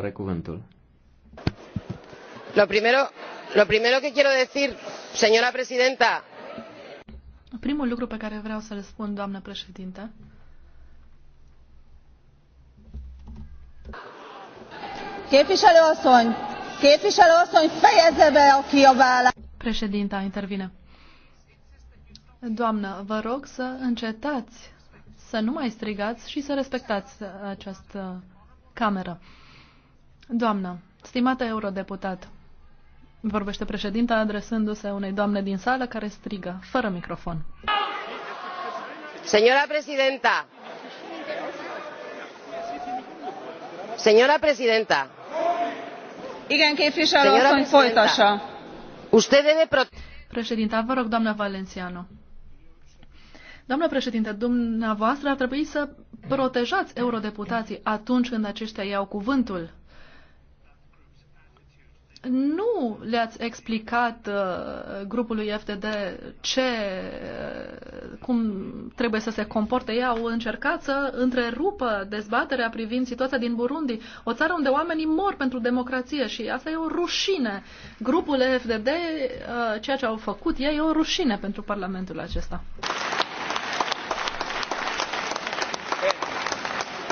are cuvântul. Lo primero, lo primero que quiero decir, señora presidenta. Primul lucru pe care vreau să-l spun, doamnă președinte, Képviselő asszony, képviselő asszony, fejezze be a kiabálást! Președinta intervine. Doamnă, vă rog să încetați să nu mai strigați și să respectați această cameră. Doamnă, stimată eurodeputat, vorbește președinta adresându-se unei doamne din sală care strigă, fără microfon. Señora presidenta. Señora presidenta. Igen, képviselő asszony, folytassa. Usted debe proteger. Președinta, vă rog, doamna Valenciano. Doamna președinte, dumneavoastră ar trebui să protejați eurodeputații atunci când aceștia iau cuvântul nu le-ați explicat uh, grupului FTD ce, uh, cum trebuie să se comporte. Ei au încercat să întrerupă dezbaterea privind situația din Burundi, o țară unde oamenii mor pentru democrație și asta e o rușine. Grupul FDD, uh, ceea ce au făcut ei, e o rușine pentru Parlamentul acesta.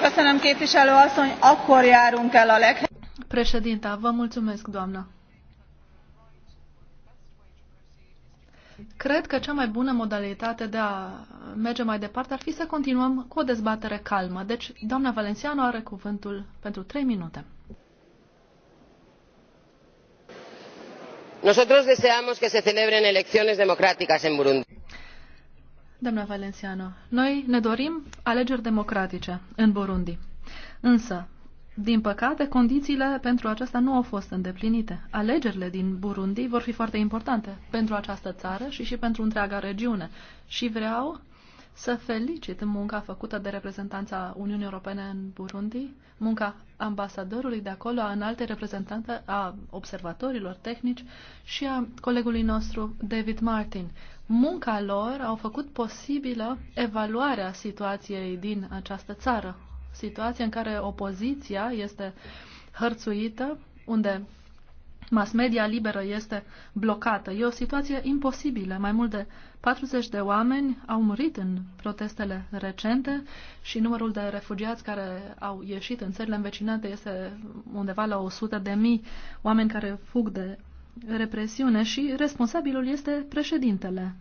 Köszönöm képviselő asszony, akkor járunk el a leg... Președinta, vă mulțumesc, doamnă. Cred că cea mai bună modalitate de a merge mai departe ar fi să continuăm cu o dezbatere calmă. Deci, doamna Valenciano are cuvântul pentru trei minute. Nosotros deseamos que se celebren elecciones democráticas en Burundi. Doamna Valenciano, noi ne dorim alegeri democratice în Burundi. Însă, din păcate, condițiile pentru aceasta nu au fost îndeplinite. Alegerile din Burundi vor fi foarte importante pentru această țară și și pentru întreaga regiune. Și vreau să felicit munca făcută de reprezentanța Uniunii Europene în Burundi, munca ambasadorului de acolo, a înalte reprezentante, a observatorilor tehnici și a colegului nostru David Martin. Munca lor au făcut posibilă evaluarea situației din această țară, situație în care opoziția este hărțuită, unde mass media liberă este blocată. E o situație imposibilă. Mai mult de 40 de oameni au murit în protestele recente și numărul de refugiați care au ieșit în țările învecinate este undeva la 100 de mii oameni care fug de represiune și responsabilul este președintele.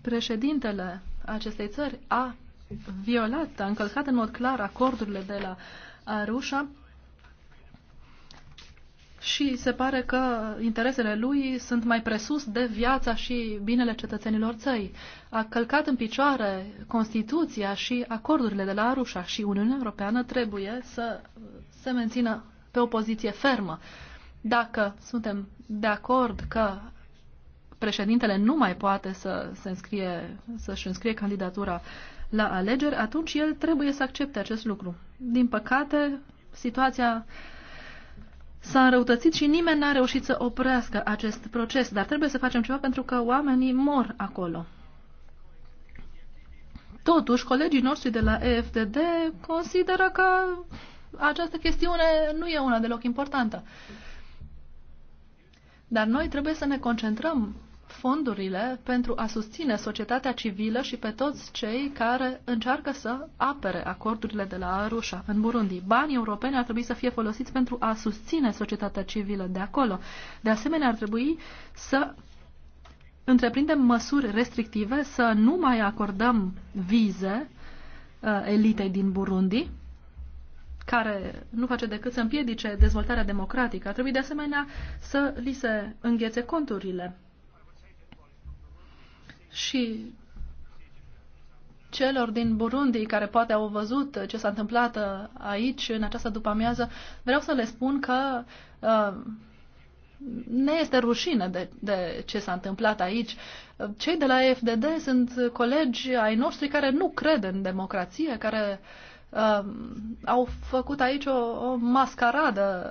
Președintele acestei țări a violat, a încălcat în mod clar acordurile de la Arușa și se pare că interesele lui sunt mai presus de viața și binele cetățenilor țăi. A călcat în picioare Constituția și acordurile de la Arușa și Uniunea Europeană trebuie să se mențină pe o poziție fermă. Dacă suntem de acord că președintele nu mai poate să se înscrie, să-și înscrie candidatura la alegeri, atunci el trebuie să accepte acest lucru. Din păcate, situația s-a înrăutățit și nimeni n-a reușit să oprească acest proces, dar trebuie să facem ceva pentru că oamenii mor acolo. Totuși, colegii noștri de la EFDD consideră că această chestiune nu e una deloc importantă. Dar noi trebuie să ne concentrăm fondurile pentru a susține societatea civilă și pe toți cei care încearcă să apere acordurile de la Arusha, în Burundi. Banii europeni ar trebui să fie folosiți pentru a susține societatea civilă de acolo. De asemenea, ar trebui să întreprindem măsuri restrictive, să nu mai acordăm vize uh, elitei din Burundi, care nu face decât să împiedice dezvoltarea democratică. Ar trebui de asemenea să li se înghețe conturile și celor din Burundi care poate au văzut ce s-a întâmplat uh, aici, în această după-amiază, vreau să le spun că uh, ne este rușine de, de ce s-a întâmplat aici. Cei de la FDD sunt colegi ai noștri care nu cred în democrație, care uh, uh, au făcut aici o, o mascaradă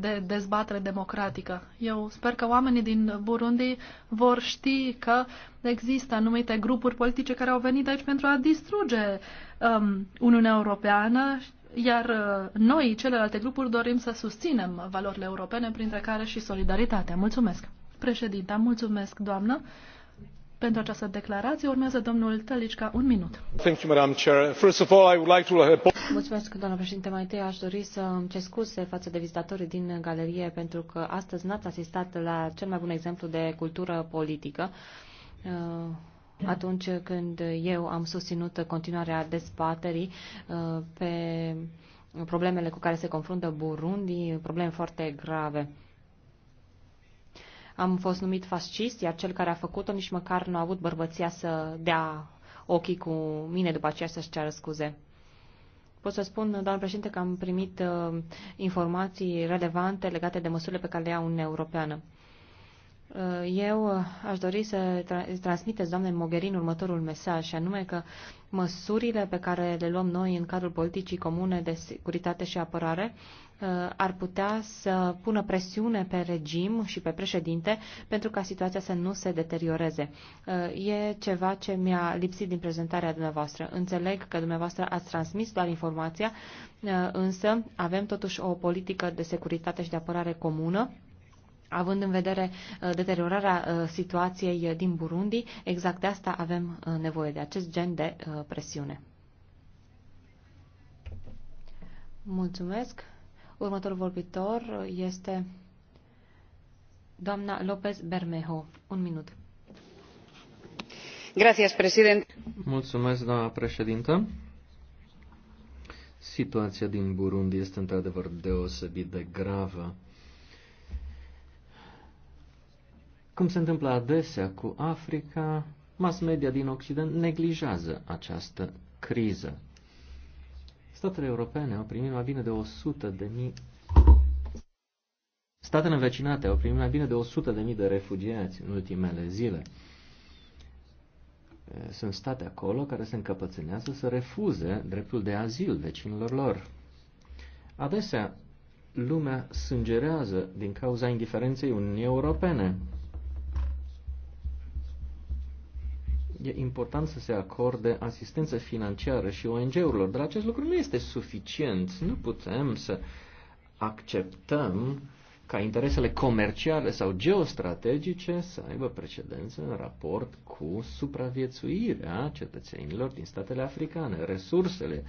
de dezbatere democratică. Eu sper că oamenii din Burundi vor ști că există anumite grupuri politice care au venit aici pentru a distruge um, Uniunea Europeană, iar uh, noi, celelalte grupuri, dorim să susținem valorile europene, printre care și solidaritatea. Mulțumesc! Președinta, mulțumesc, doamnă! pentru această declarație. Urmează domnul Tălicca, un minut. Mulțumesc, doamnă președinte. Mai întâi aș dori să îmi cer scuze față de vizitatorii din galerie, pentru că astăzi n-ați asistat la cel mai bun exemplu de cultură politică uh, atunci când eu am susținut continuarea dezbaterii uh, pe problemele cu care se confruntă Burundi, probleme foarte grave am fost numit fascist, iar cel care a făcut-o nici măcar nu a avut bărbăția să dea ochii cu mine după aceea să-și ceară scuze. Pot să spun, doamnă președinte, că am primit uh, informații relevante legate de măsurile pe care le ia Uniunea Europeană. Uh, eu uh, aș dori să transmiteți, doamne Mogherin, următorul mesaj, și anume că măsurile pe care le luăm noi în cadrul politicii comune de securitate și apărare uh, ar putea să pună presiune pe regim și pe președinte pentru ca situația să nu se deterioreze. E ceva ce mi-a lipsit din prezentarea dumneavoastră. Înțeleg că dumneavoastră ați transmis doar informația, însă avem totuși o politică de securitate și de apărare comună având în vedere uh, deteriorarea uh, situației uh, din Burundi, exact de asta avem nevoie, de acest gen de presiune. Mulțumesc. Următorul vorbitor este doamna López Bermejo. Un minut. Gracias, președinte. Mulțumesc, doamna președintă. Situația din Burundi este într-adevăr deosebit de gravă. Cum se întâmplă adesea cu Africa, mass media din Occident neglijează această criză. Statele europene au primit mai bine de 100 de mii Statele învecinate au primit mai bine de 100 de mii de refugiați în ultimele zile. Sunt state acolo care se încăpățânează să refuze dreptul de azil vecinilor lor. Adesea, lumea sângerează din cauza indiferenței Uniunii Europene. e important să se acorde asistență financiară și ONG-urilor, dar acest lucru nu este suficient. Nu putem să acceptăm ca interesele comerciale sau geostrategice să aibă precedență în raport cu supraviețuirea cetățenilor din statele africane. Resursele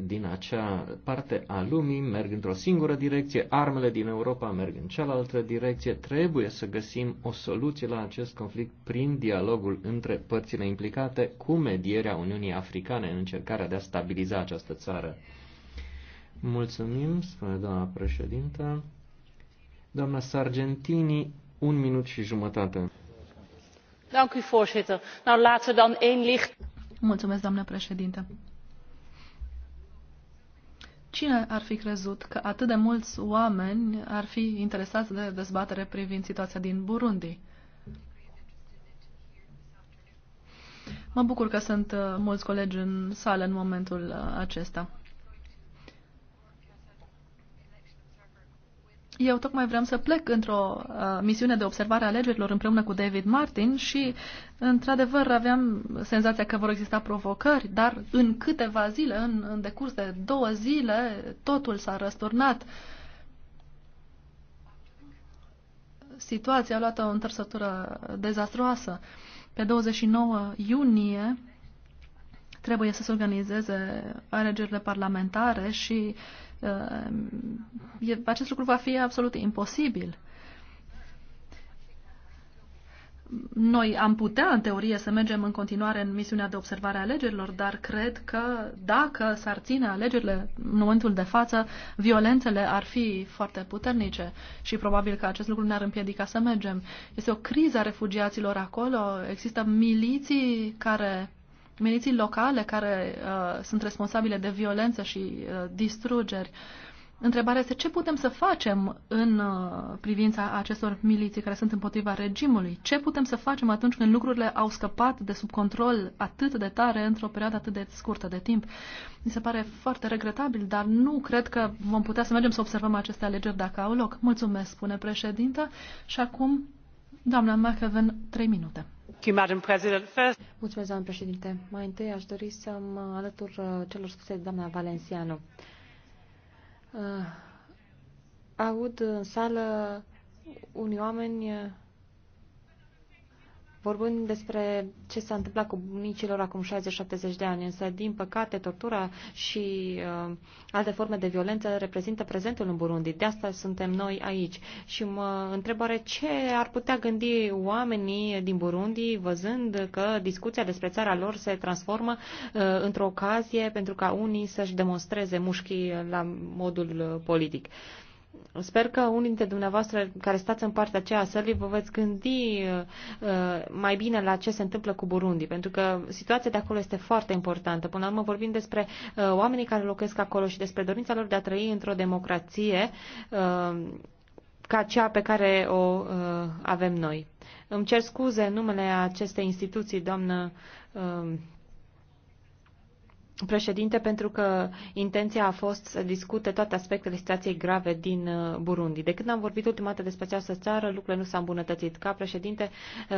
din acea parte a lumii merg într-o singură direcție, armele din Europa merg în cealaltă direcție. Trebuie să găsim o soluție la acest conflict prin dialogul între părțile implicate cu medierea Uniunii Africane în încercarea de a stabiliza această țară. Mulțumim, spune doamna președintă. Doamna Sargentini, un minut și jumătate. Dank u, voorzitter. Nou, laten we dan één licht. Mulțumesc, doamnă președintă. Cine ar fi crezut că atât de mulți oameni ar fi interesați de dezbatere privind situația din Burundi? Mă bucur că sunt uh, mulți colegi în sală în momentul uh, acesta. Eu tocmai vreau să plec într-o uh, misiune de observare a alegerilor împreună cu David Martin și, într-adevăr, aveam senzația că vor exista provocări, dar în câteva zile, în, în decurs de două zile, totul s-a răsturnat. Situația a luat o întărsătură dezastroasă. Pe 29 iunie trebuie să se organizeze alegerile parlamentare și uh, Uh, acest lucru va fi absolut imposibil. Noi am putea, în teorie, să mergem în continuare în misiunea de observare a alegerilor, dar cred că dacă s-ar ține alegerile în momentul de față, violențele ar fi foarte puternice și probabil că acest lucru ne-ar împiedica să mergem. Este o criză a refugiaților acolo, există miliții care miliții locale care uh, sunt responsabile de violență și uh, distrugeri. Întrebarea este ce putem să facem în uh, privința acestor miliții care sunt împotriva regimului? Ce putem să facem atunci când lucrurile au scăpat de sub control atât de tare într-o perioadă atât de scurtă de timp? Mi se pare foarte regretabil, dar nu cred că vom putea să mergem să observăm aceste alegeri dacă au loc. Mulțumesc, spune președinta. Și acum, doamna McEwen, trei minute doamnă președinte. Mai întâi aș dori să mă alătur uh, celor spuse de doamna Valenciano. Uh, aud în sală unii oameni uh, vorbim despre ce s-a întâmplat cu bunicilor acum 60-70 de ani, însă, din păcate, tortura și uh, alte forme de violență reprezintă prezentul în Burundi. De asta suntem noi aici. Și mă întrebare ce ar putea gândi oamenii din Burundi văzând că discuția despre țara lor se transformă uh, într-o ocazie pentru ca unii să-și demonstreze mușchii la modul uh, politic. Uh, Sper că unii dintre dumneavoastră care stați în partea aceea a sălii vă veți gândi uh, mai bine la ce se întâmplă cu Burundi, pentru că situația de acolo este foarte importantă. Până la urmă vorbim despre uh, oamenii care locuiesc acolo și despre dorința lor de a trăi într-o democrație uh, ca cea pe care o uh, avem noi. Îmi cer scuze în numele acestei instituții, doamnă. Uh, președinte, pentru că intenția a fost să discute toate aspectele situației grave din uh, Burundi. De când am vorbit ultima dată despre această țară, lucrurile nu s-au îmbunătățit. Ca președinte uh,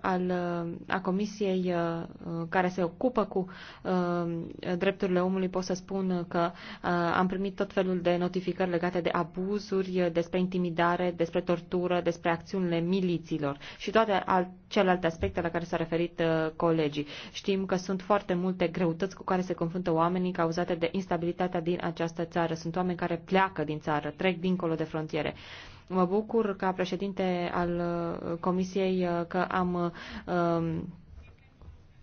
al, uh, a comisiei uh, care se ocupă cu uh, drepturile omului, pot să spun că uh, am primit tot felul de notificări legate de abuzuri, uh, despre intimidare, despre tortură, despre acțiunile miliților și toate al, celelalte aspecte la care s au referit uh, colegii. Știm că sunt foarte multe greutăți cu care care se confruntă oamenii cauzate de instabilitatea din această țară. Sunt oameni care pleacă din țară, trec dincolo de frontiere. Mă bucur ca președinte al uh, Comisiei uh, că am um,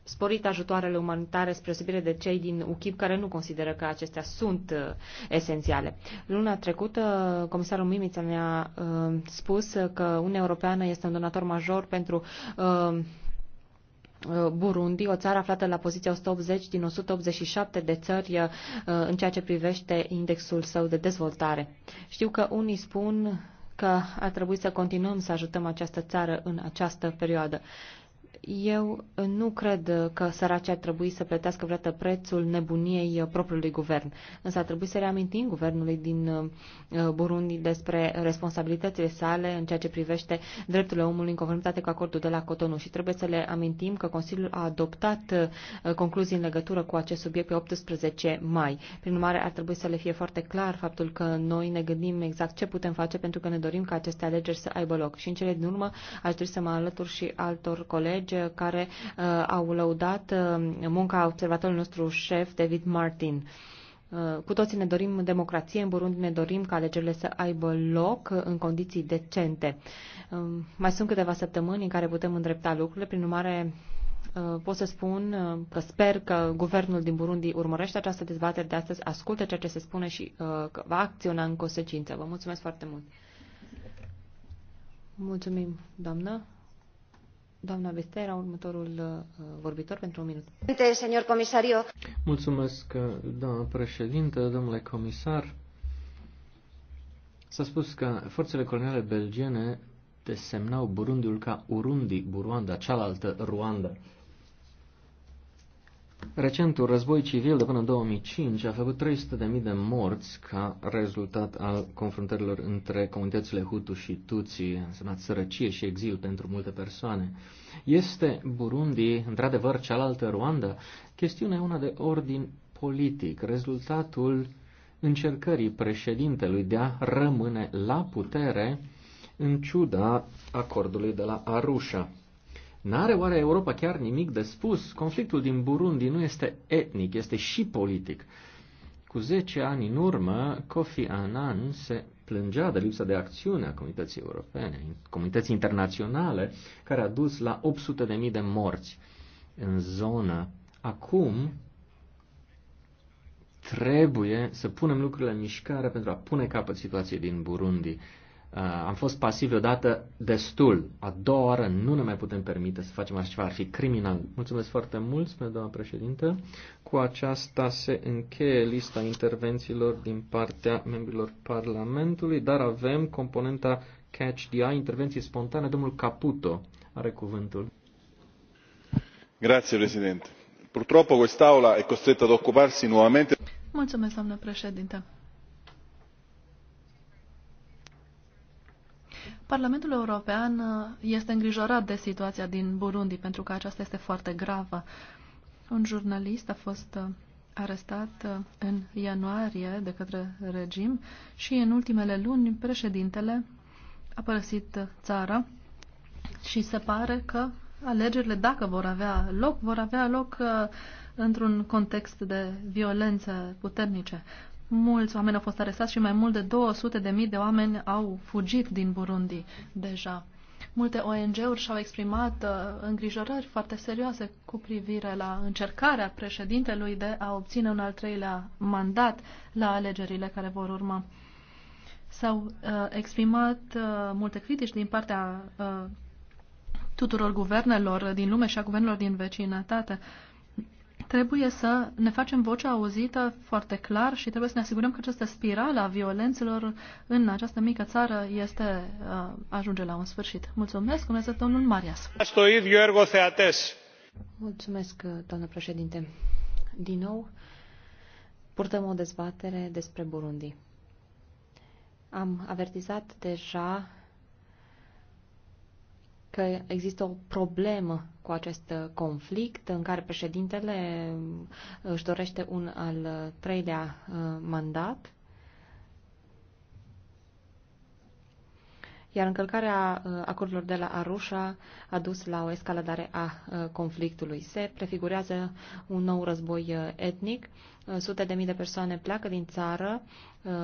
sporit ajutoarele umanitare spre subire de cei din UKIP care nu consideră că acestea sunt uh, esențiale. Luna trecută, comisarul Mimița mi-a uh, spus că Uniunea Europeană este un donator major pentru uh, Burundi, o țară aflată la poziția 180 din 187 de țări uh, în ceea ce privește indexul său de dezvoltare. Știu că unii spun că ar trebui să continuăm să ajutăm această țară în această perioadă. Eu nu cred că săracii ar trebui să plătească vreodată prețul nebuniei propriului guvern, însă ar trebui să reamintim guvernului din uh, Burundi despre responsabilitățile sale în ceea ce privește drepturile omului în conformitate cu acordul de la Cotonou și trebuie să le amintim că Consiliul a adoptat uh, concluzii în legătură cu acest subiect pe 18 mai. Prin urmare, ar trebui să le fie foarte clar faptul că noi ne gândim exact ce putem face pentru că ne dorim ca aceste alegeri să aibă loc. Și în cele din urmă aș dori să mă alătur și altor colegi colegi uh, care uh, au lăudat uh, munca observatorului nostru șef, David Martin. Cu toții ne dorim democrație, în Burundi ne dorim ca alegerile să aibă loc în condiții decente. Mai sunt câteva săptămâni în care putem îndrepta lucrurile, prin urmare pot să spun că sper că guvernul din Burundi urmărește această dezbatere de astăzi, ascultă ceea ce se spune și că va acționa în consecință. Vă mulțumesc foarte mult! Mulțumim, doamnă! Doamna Bestera, următorul uh, vorbitor pentru un minut. Señor comisario. Mulțumesc, uh, doamna președinte, domnule comisar. S-a spus că forțele coloniale belgiene desemnau Burundiul ca Urundi, Burunda, cealaltă Ruanda. Recentul război civil de până în 2005 a făcut 300.000 de morți ca rezultat al confruntărilor între comunitățile Hutu și Tutsi, însemnat sărăcie și exil pentru multe persoane. Este Burundi, într-adevăr, cealaltă Rwanda? Chestiunea una de ordin politic, rezultatul încercării președintelui de a rămâne la putere în ciuda acordului de la Arusha. N-are oare Europa chiar nimic de spus? Conflictul din Burundi nu este etnic, este și politic. Cu 10 ani în urmă, Kofi Annan se plângea de lipsa de acțiune a comunității europene, comunității internaționale, care a dus la 800.000 de morți în zonă. Acum trebuie să punem lucrurile în mișcare pentru a pune capăt situației din Burundi. Uh, am fost pasivi odată destul. A doua oară nu ne mai putem permite să facem așa ceva, ar fi criminal. Mulțumesc foarte mult, spune doamna președintă. Cu aceasta se încheie lista intervențiilor din partea membrilor Parlamentului, dar avem componenta Catch the Eye, intervenții spontane. Domnul Caputo are cuvântul. Grazie, președinte. Purtroppo quest'Aula è costretta ad occuparsi nuovamente. Mulțumesc, doamnă președinte. Parlamentul European uh, este îngrijorat de situația din Burundi, pentru că aceasta este foarte gravă. Un jurnalist a fost uh, arestat uh, în ianuarie de către regim și în ultimele luni președintele a părăsit țara și se pare că alegerile, dacă vor avea loc, vor avea loc într-un context de violențe puternice mulți oameni au fost arestați și mai mult de 200 de mii de oameni au fugit din Burundi deja. Multe ONG-uri și-au exprimat uh, îngrijorări foarte serioase cu privire la încercarea președintelui de a obține un al treilea mandat la alegerile care vor urma. S-au uh, exprimat uh, multe critici din partea uh, tuturor guvernelor din lume și a guvernelor din vecinătate. Uh, Trebuie să ne facem vocea auzită foarte clar și trebuie să ne asigurăm că această spirală a violențelor în această mică țară este, uh, ajunge la un sfârșit. Mulțumesc, Dumnezeu, domnul Marias. Mulțumesc, doamnă președinte. Din nou, purtăm o dezbatere despre Burundi. Am avertizat deja că există o problemă cu acest conflict în care președintele își dorește un al treilea uh, mandat iar încălcarea uh, acordurilor de la Arușa a dus la o escaladare a uh, conflictului. Se prefigurează un nou război uh, etnic, sute de mii de persoane pleacă din țară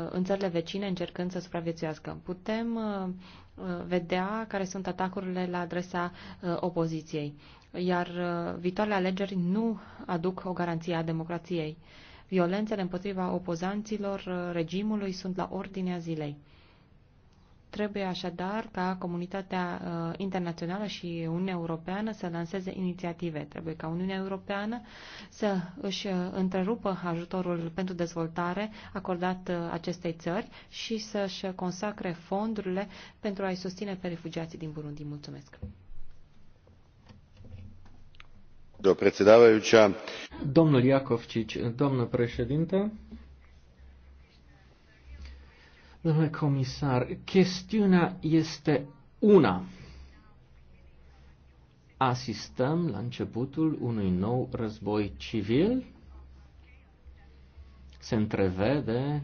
în țările vecine încercând să supraviețuiască. Putem vedea care sunt atacurile la adresa opoziției, iar viitoarele alegeri nu aduc o garanție a democrației. Violențele împotriva opozanților regimului sunt la ordinea zilei. Trebuie așadar ca comunitatea uh, internațională și Uniunea Europeană să lanseze inițiative. Trebuie ca Uniunea Europeană să își uh, întrerupă ajutorul pentru dezvoltare acordat uh, acestei țări și să-și consacre fondurile pentru a-i susține pe refugiații din Burundi. Mulțumesc! Domnul Iacovcici, domnul președinte, Domnule comisar, chestiunea este una. Asistăm la începutul unui nou război civil. Se întrevede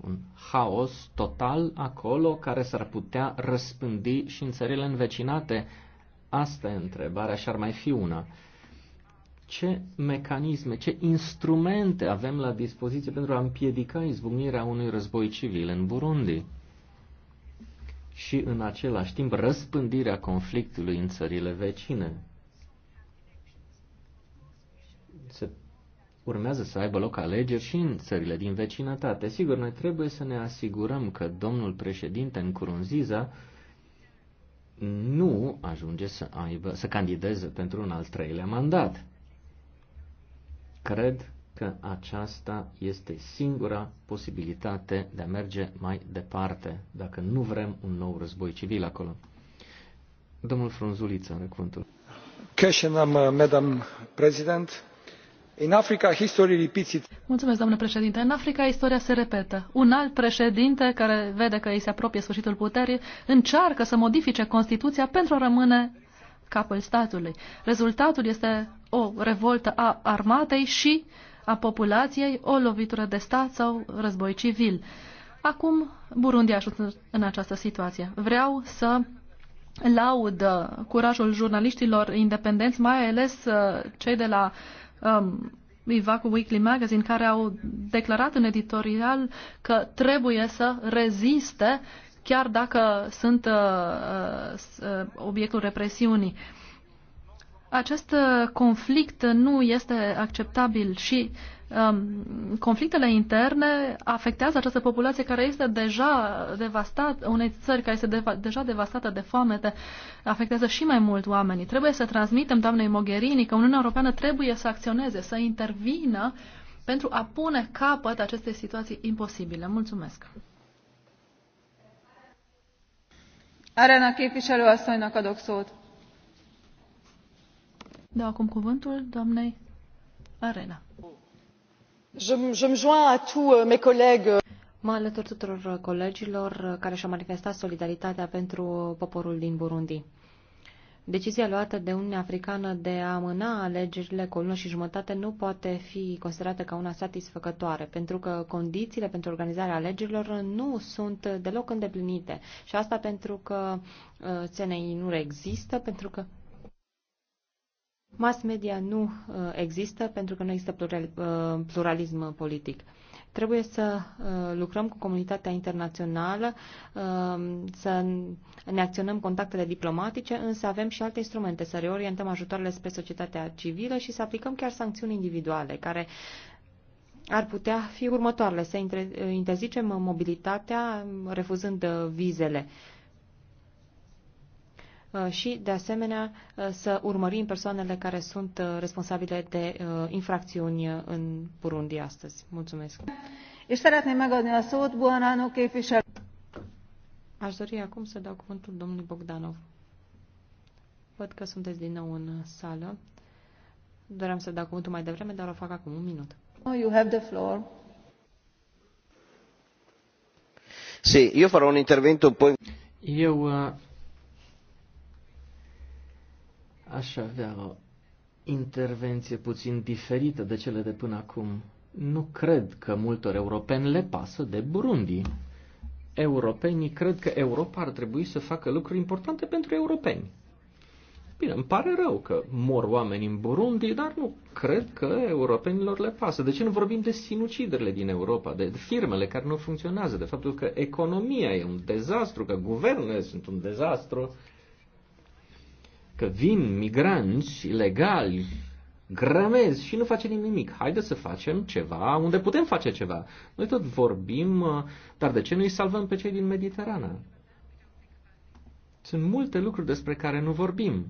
un haos total acolo care s-ar putea răspândi și în țările învecinate. Asta e întrebarea și ar mai fi una ce mecanisme, ce instrumente avem la dispoziție pentru a împiedica izbucnirea unui război civil în Burundi și în același timp răspândirea conflictului în țările vecine. Se urmează să aibă loc alegeri și în țările din vecinătate. Sigur, noi trebuie să ne asigurăm că domnul președinte în Curunziza nu ajunge să, aibă, să candideze pentru un al treilea mandat. Cred că aceasta este singura posibilitate de a merge mai departe, dacă nu vrem un nou război civil acolo. Domnul Frunzuliță, are cuvântul. Uh, Madam President. In Africa, history repeats it. Mulțumesc, domnule președinte. În Africa, istoria se repetă. Un alt președinte care vede că îi se apropie sfârșitul puterii încearcă să modifice Constituția pentru a rămâne capul statului. Rezultatul este o revoltă a armatei și a populației, o lovitură de stat sau război civil. Acum Burundi a ajuns în această situație. Vreau să laud uh, curajul jurnaliștilor independenți, mai ales uh, cei de la um, Ivacu Weekly Magazine, care au declarat în editorial că trebuie să reziste chiar dacă sunt uh, uh, uh, obiectul represiunii. Acest conflict nu este acceptabil și um, conflictele interne afectează această populație care este deja devastată, unei țări care este deva, deja devastată de foamete, afectează și mai mult oamenii. Trebuie să transmitem doamnei Mogherini că Uniunea Europeană trebuie să acționeze, să intervină pentru a pune capăt acestei situații imposibile. Mulțumesc! Arena képviselő asszonynak adok szót. Da, acum cuvântul doamnei Arena. Je, me joins à tous euh, mes collègues. Mă alătur tuturor colegilor uh, care și-au manifestat solidaritatea pentru poporul din Burundi. Decizia luată de Uniunea Africană de a amâna alegerile cu o lună și jumătate nu poate fi considerată ca una satisfăcătoare, pentru că condițiile pentru organizarea alegerilor nu sunt deloc îndeplinite. Și asta pentru că CNI uh, nu există, pentru că mass media nu uh, există, pentru că nu există uh, pluralism politic. Trebuie să uh, lucrăm cu comunitatea internațională, uh, să ne acționăm contactele diplomatice, însă avem și alte instrumente, să reorientăm ajutoarele spre societatea civilă și să aplicăm chiar sancțiuni individuale, care ar putea fi următoarele, să uh, interzicem mobilitatea refuzând vizele Uh, și, de asemenea, uh, să urmărim persoanele care sunt uh, responsabile de infracțiuni în Burundi astăzi. Mulțumesc! Aș dori acum să dau cuvântul domnului Bogdanov. Văd că sunteți din nou în sală. Doream să dau cuvântul mai devreme, dar o fac acum un minut. Oh, you have the floor. Sì, io farò un intervento poi... Io uh, aș avea o intervenție puțin diferită de cele de până acum. Nu cred că multor europeni le pasă de Burundi. Europenii cred că Europa ar trebui să facă lucruri importante pentru europeni. Bine, îmi pare rău că mor oameni în Burundi, dar nu cred că europenilor le pasă. De ce nu vorbim de sinuciderile din Europa, de firmele care nu funcționează, de faptul că economia e un dezastru, că guvernele sunt un dezastru? că vin migranți ilegali, grămezi și nu facem nimic. Haideți să facem ceva unde putem face ceva. Noi tot vorbim, uh, dar de ce nu îi salvăm pe cei din Mediterana? Sunt multe lucruri despre care nu vorbim.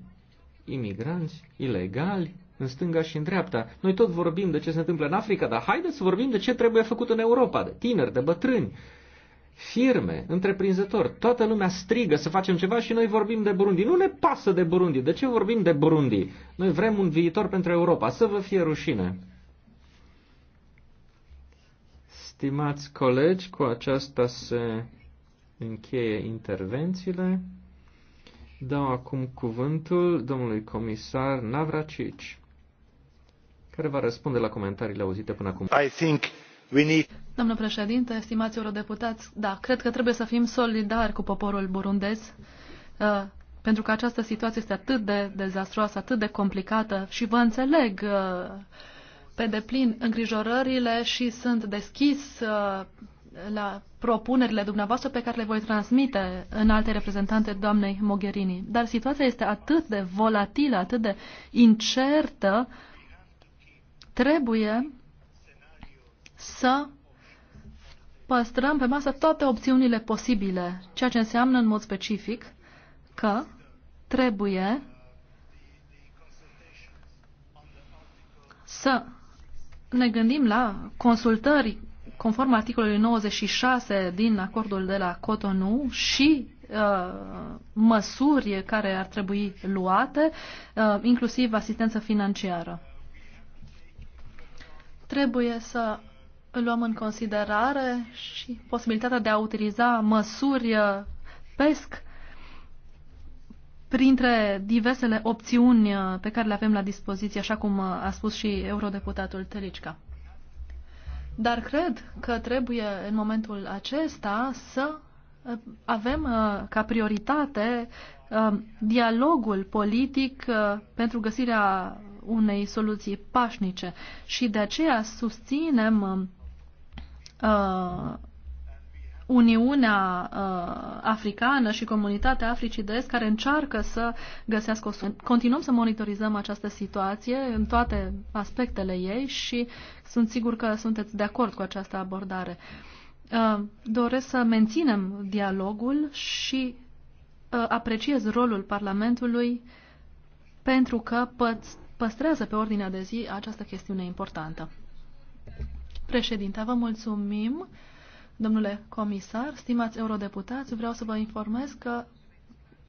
Imigranți, ilegali, în stânga și în dreapta. Noi tot vorbim de ce se întâmplă în Africa, dar haideți să vorbim de ce trebuie făcut în Europa, de tineri, de bătrâni, firme, întreprinzători, toată lumea strigă să facem ceva și noi vorbim de Burundi. Nu ne pasă de Burundi. De ce vorbim de Burundi? Noi vrem un viitor pentru Europa. Să vă fie rușine. Stimați colegi, cu aceasta se încheie intervențiile. Dau acum cuvântul domnului comisar Navracici, care va răspunde la comentariile auzite până acum. I think we need... Doamnă președinte, estimați eurodeputați, da, cred că trebuie să fim solidari cu poporul burundez, uh, pentru că această situație este atât de dezastroasă, atât de complicată și vă înțeleg uh, pe deplin îngrijorările și sunt deschis uh, la propunerile dumneavoastră pe care le voi transmite în alte reprezentante doamnei Mogherini. Dar situația este atât de volatilă, atât de incertă, trebuie să păstrăm pe masă toate opțiunile posibile, ceea ce înseamnă în mod specific că trebuie să ne gândim la consultări conform articolului 96 din acordul de la Cotonou și uh, măsuri care ar trebui luate, uh, inclusiv asistență financiară. Trebuie să luăm în considerare și posibilitatea de a utiliza măsuri uh, PESC printre diversele opțiuni uh, pe care le avem la dispoziție, așa cum uh, a spus și eurodeputatul Telicca. Dar cred că trebuie în momentul acesta să avem ca prioritate dialogul politic pentru găsirea unei soluții pașnice și de aceea susținem uh, Uniunea uh, Africană și Comunitatea Africii de Est care încearcă să găsească o soluție. Continuăm să monitorizăm această situație în toate aspectele ei și sunt sigur că sunteți de acord cu această abordare. Uh, doresc să menținem dialogul și uh, apreciez rolul Parlamentului pentru că păstrează pe ordinea de zi această chestiune importantă. Președinte, vă mulțumim. Domnule comisar, stimați eurodeputați, vreau să vă informez că